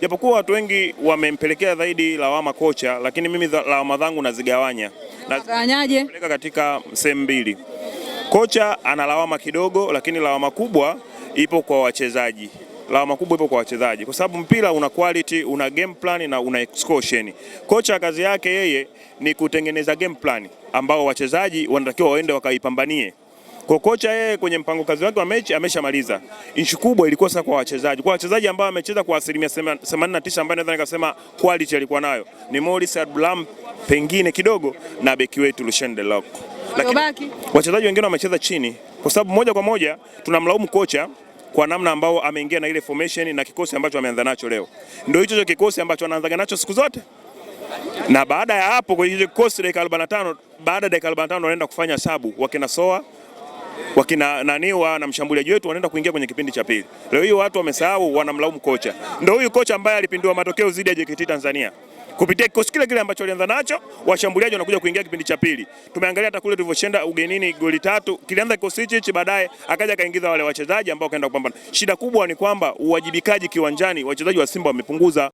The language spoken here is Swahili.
japokuwa watu wengi wamempelekea zaidi lawama kocha, lakini mimi lawama zangu nazigawanya. Nazigawanyaje? peleka katika sehemu mbili. Kocha ana lawama kidogo, lakini lawama kubwa ipo kwa wachezaji lawama kubwa ipo kwa wachezaji kwa sababu mpira una quality, una game plan na una execution. Kocha kazi yake yeye ni kutengeneza game plan ambao wachezaji wanatakiwa waende wakaipambanie. Kwa kocha yeye kwenye mpango kazi wake wa mechi ameshamaliza. Inchi kubwa ilikuwa sasa kwa wachezaji. Kwa wachezaji ambao wamecheza kwa asilimia 89 ambao naweza nikasema quality alikuwa nayo ni Morris Abdulam pengine kidogo na beki wetu Lucien Delac. Lakini wachezaji wengine wamecheza chini kwa sababu moja kwa moja tunamlaumu kocha kwa namna ambao ameingia na ile formation na kikosi ambacho ameanza nacho leo. Ndio hicho kikosi ambacho anaanza nacho siku zote. Na baada ya hapo kwenye kikosi dakika 45 baada ya dakika 45 wanaenda kufanya sabu wakina Soa wakina nani wa na mshambuliaji wetu wanaenda kuingia kwenye kipindi cha pili. Leo hiyo watu wamesahau, wanamlaumu kocha. Ndio huyu kocha ambaye alipindua matokeo dhidi ya JKT Tanzania kupitia kikosi kile kile ambacho alianza nacho, washambuliaji wanakuja kuingia kipindi cha pili. Tumeangalia hata kule tulivyoshinda ugenini goli tatu, kilianza kikosi hichi hichi, baadaye akaja akaingiza wale wachezaji ambao kaenda kupambana. Shida kubwa ni kwamba uwajibikaji kiwanjani wachezaji wa Simba wamepunguza.